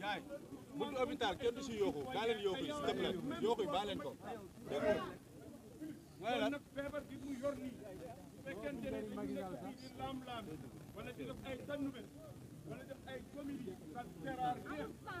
jaay buntu hôpital kenn du si yooxu baa leen yooxu yi s'il te plaît yooxu yi baa leen ko mooy lan feebar bi mu yor nii fekkente ne dañu nekk di laam-laam wala di def ay tannube wala def ay comédie ça sert à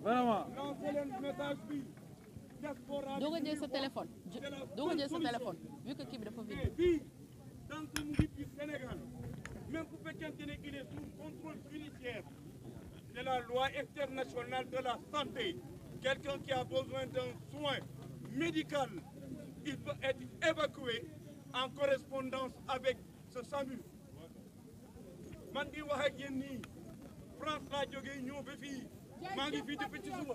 vraiment. doo ko téléphone doo ko jël téléphone vu que kii bi dafa vide. donc eh, mu Sénégal même pour quelqu'un qui est sous contrôle judiciaire de la loi internationale de la santé quelqu'un qui a besoin d'un soin médical il peut être évacué en correspondance avec ce SAMU man di France Radio jógee ñëw ba fii maa ngi fii depuis ci suba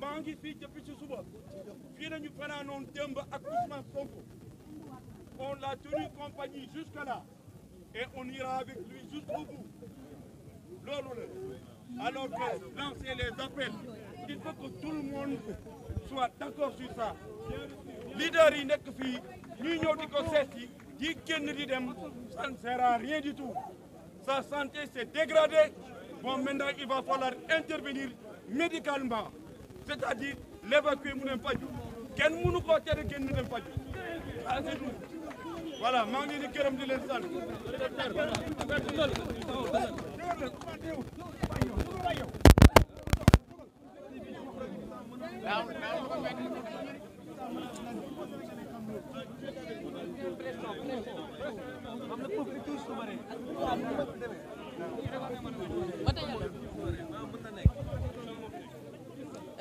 maa ngi fii depuis ci suba fii nañu on l'a tenu compagnie jusqu'à là et on ira avec lui jusqu'au bout alors que lancer les appels il faut que tout le monde soit d'accord sur ça leader yi nekk fii ñuy ñëw di ko ça ne sert à rien du tout sa santé s'est dégradée. Bon, maintenant, il va falloir intervenir médicalement, c'est-à-dire l'évacuer Fadjou. Quel et tout. Voilà, Mangi de Kerem de हम लोग को 50 सुबह है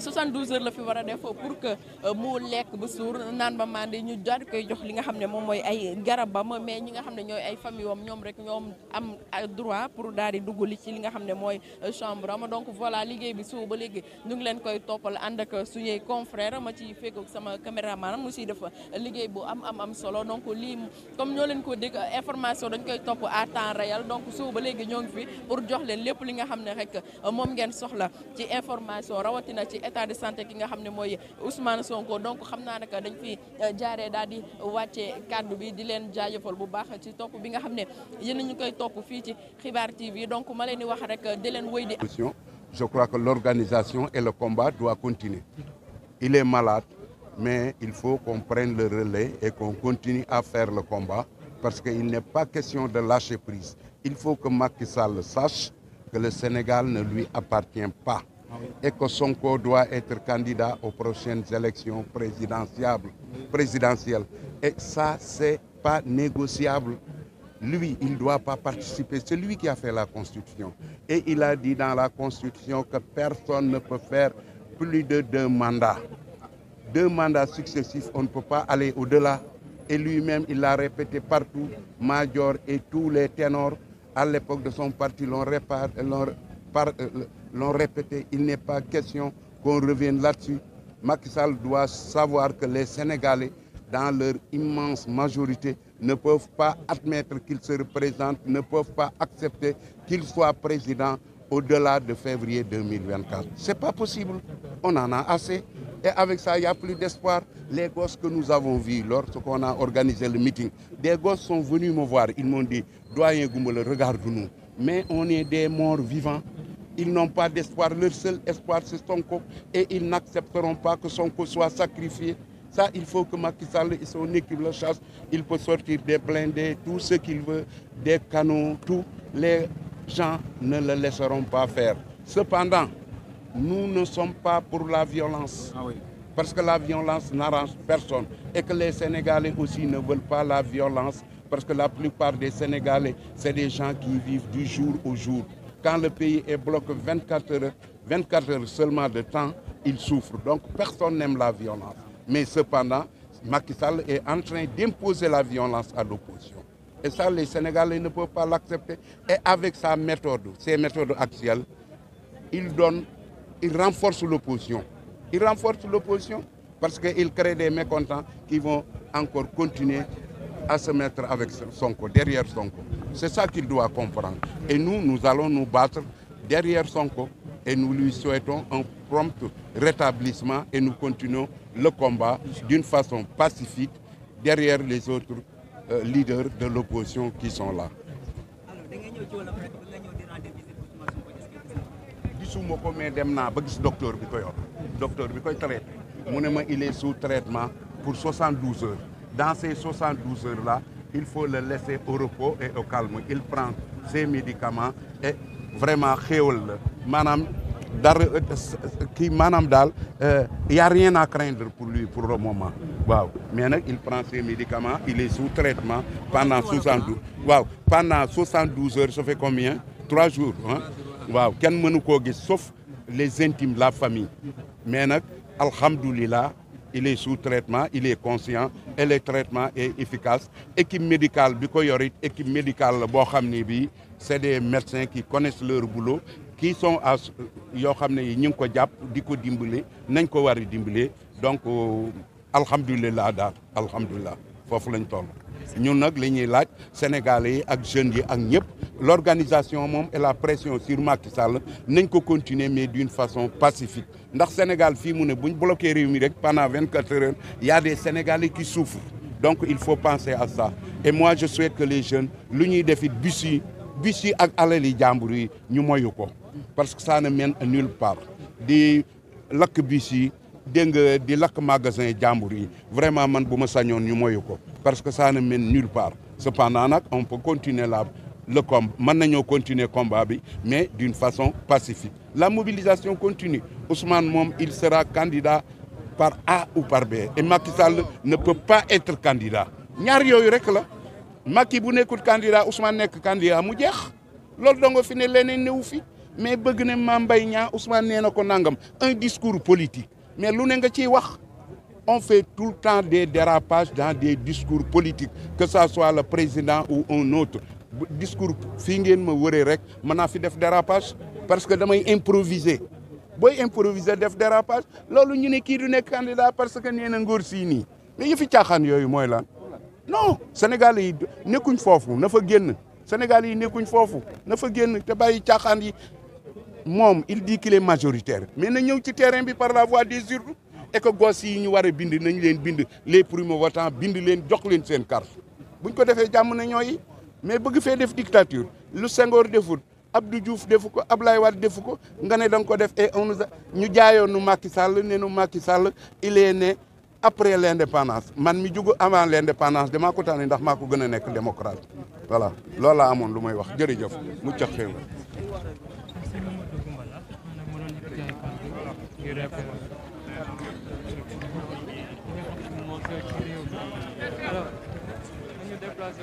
72 euh, heures la fi war a def pour que euh, mu lekk ba suur naan ba mande ñu daal koy jox li nga xam ne moom mooy ay garabam mais ñi nga xam ne ñooy ay famille am ñoom rek ñoom am euh, droit pour daal di dugg ci li nga xam ne mooy chambre am donc voilà liggéey bi suba ba léegi ñu ngi leen koy toppal ànd ak suñuy confrère ma ci fekk ak sama caméraman mu siy liggéey bu am am am solo donc lii comme ñoo leen ko dégg information dañ koy topp à temps réel donc suba ba léegi ñoo ngi fi pour jox leen lépp li nga xam ne rek moom ngeen soxla ci information rawatina ci je crois que l'organisation et le combat doivent continuer. Il est malade, mais il faut qu'on prenne le relais et qu'on continue à faire le combat parce qu'il n'est pas question de lâcher prise. Il faut que Macky Sall sache que le Sénégal ne lui appartient pas et que son corps doit être candidat aux prochaines élections présidentielles. Et ça, ce n'est pas négociable. Lui, il ne doit pas participer. C'est lui qui a fait la Constitution. Et il a dit dans la Constitution que personne ne peut faire plus de deux mandats. Deux mandats successifs, on ne peut pas aller au-delà. Et lui-même, il l'a répété partout, Major et tous les ténors, à l'époque de son parti, l'ont réparé euh, l'ont répété, il n'est pas question qu'on revienne là-dessus. Macky Sall doit savoir que les Sénégalais, dans leur immense majorité, ne peuvent pas admettre qu'ils se représentent, ne peuvent pas accepter qu'il soit président au-delà de février 2024. Ce n'est pas possible. On en a assez. Et avec ça, il n'y a plus d'espoir. Les gosses que nous avons vus lorsqu'on a organisé le meeting, des gosses sont venus me voir. Ils m'ont dit, Doyen Goumbele, regarde-nous. Mais on est des morts vivants. Ils n'ont pas d'espoir. Leur seul espoir, c'est corps. Et ils n'accepteront pas que son corps soit sacrifié. Ça, il faut que Macky Sall et son équipe le chasse. Il peut sortir des blindés, tout ce qu'il veut, des canons, tout. Les gens ne le laisseront pas faire. Cependant, nous ne sommes pas pour la violence. Ah Parce que la violence n'arrange personne. Et que les Sénégalais aussi ne veulent pas la violence. Parce que la plupart des Sénégalais, c'est des gens qui vivent du jour au jour. Quand le pays est bloqué 24 heures, 24 heures seulement de temps, il souffre. Donc personne n'aime la violence. Mais cependant, Macky Sall est en train d'imposer la violence à l'opposition. Et ça, les Sénégalais ne peuvent pas l'accepter. Et avec sa méthode, ses méthodes actuelles, il donne, il renforce l'opposition. Il renforce l'opposition parce qu'il crée des mécontents qui vont encore continuer à se mettre avec son derrière son corps. C'est ça qu'il doit comprendre. Et nous, nous allons nous battre derrière son corps. et nous lui souhaitons un prompt rétablissement et nous continuons le combat d'une façon pacifique derrière les autres euh, leaders de l'opposition qui sont là. docteur docteur il est sous traitement pour 72 heures dans ces 72 heures là il faut le laisser au repos et au calme il prend ses médicaments et vraiment il n'y euh, a rien à craindre pour lui pour le moment mais il prend ses médicaments il est sous traitement pendant 72 hein? pendant 72 heures ça fait combien trois jours hein? sauf les intimes la famille mais il est sous traitement il est conscient et le traitement est efficace équipe médicale bi équipe médicale c'est des médecins qui connaissent leur boulot qui sont à yoo xam ñu ko japp diko ko nañ ko war a donc alhamdoulillah da, alhamdulilah fofu lañ toll ñun nak liñuy laaj sénégalais ak jeunes yi ak ñepp l'organisation et la pression sur Macky Sall nañ continuer mais d'une façon pacifique Dans le Sénégal si on ne bloqué pendant 24 heures... Il y a des Sénégalais qui souffrent donc il faut penser à ça et moi je souhaite que les jeunes L'Union des def Bussi... Bussi et Djambouri, ak alali parce que ça ne mène nulle part di lacs Bussi... Des dégg di magasin vraiment man ne parce que ça ne mène nulle part cependant on peut continuer là le combat continue continuer combat mais d'une façon pacifique la mobilisation continue Ousmane Mom, il sera candidat par A ou par B et Macky Sall ne peut pas être candidat ñaar a rek la Macky bu nekkul candidat Ousmane nekk candidat mu jeex loolu dongo fi ne mais bëgg ne Mame Ousmane nee ko un discours politique mais lu ne nga on fait tout le temps des dérapages dans des discours politiques que ça soit le président ou un autre discours fi ngeen ma wéré rek mën fi def dérapage parce que damay improviser boy improviser def dérapage lolou ñu né ki du nekk candidat parce que nee ngor si ni mais mais fi tiaxan yoyu moy lan non Sénégal yi nekkuñ fofu na fa génn Sénégal yi nekkuñ fofu na fa génn té bayyi tiaxan yi mom il dit qu'il est majoritaire mais na ñew ci terrain bi par la voie des urnes et que gosses yi ñu war bind nañ leen bind les primo-votants bind leen jox leen sen carte buñ ko défé jamm na ñoy mais bëgg fee def dictature lu Senghor defut Abdou Diouf defu ko Ablaye Wade defu ko nga ne da ko def et on nous ñu jaayoon nu Macky Sall ne nu Macky Sall il est né après l' indépendance man mi jugu avant l' indépendance damaa ko tànn ndax maa ko gën a nekk démocrate voilà loolu laa amoon lu may wax jërëjëf mu cax xew alors nañu déplacé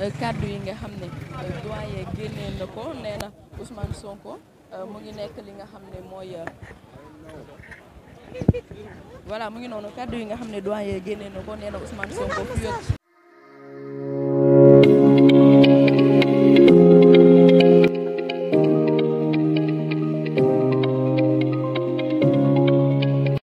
euh, kàddu yi nga xam ne euh, doyen génnee na ko nee na Sonko euh, mu ngi nekk li nga xam ne mooy voilà mu ngi noonu kàddu yi nga xam ne doyen génnee na ko nee na Sonko fii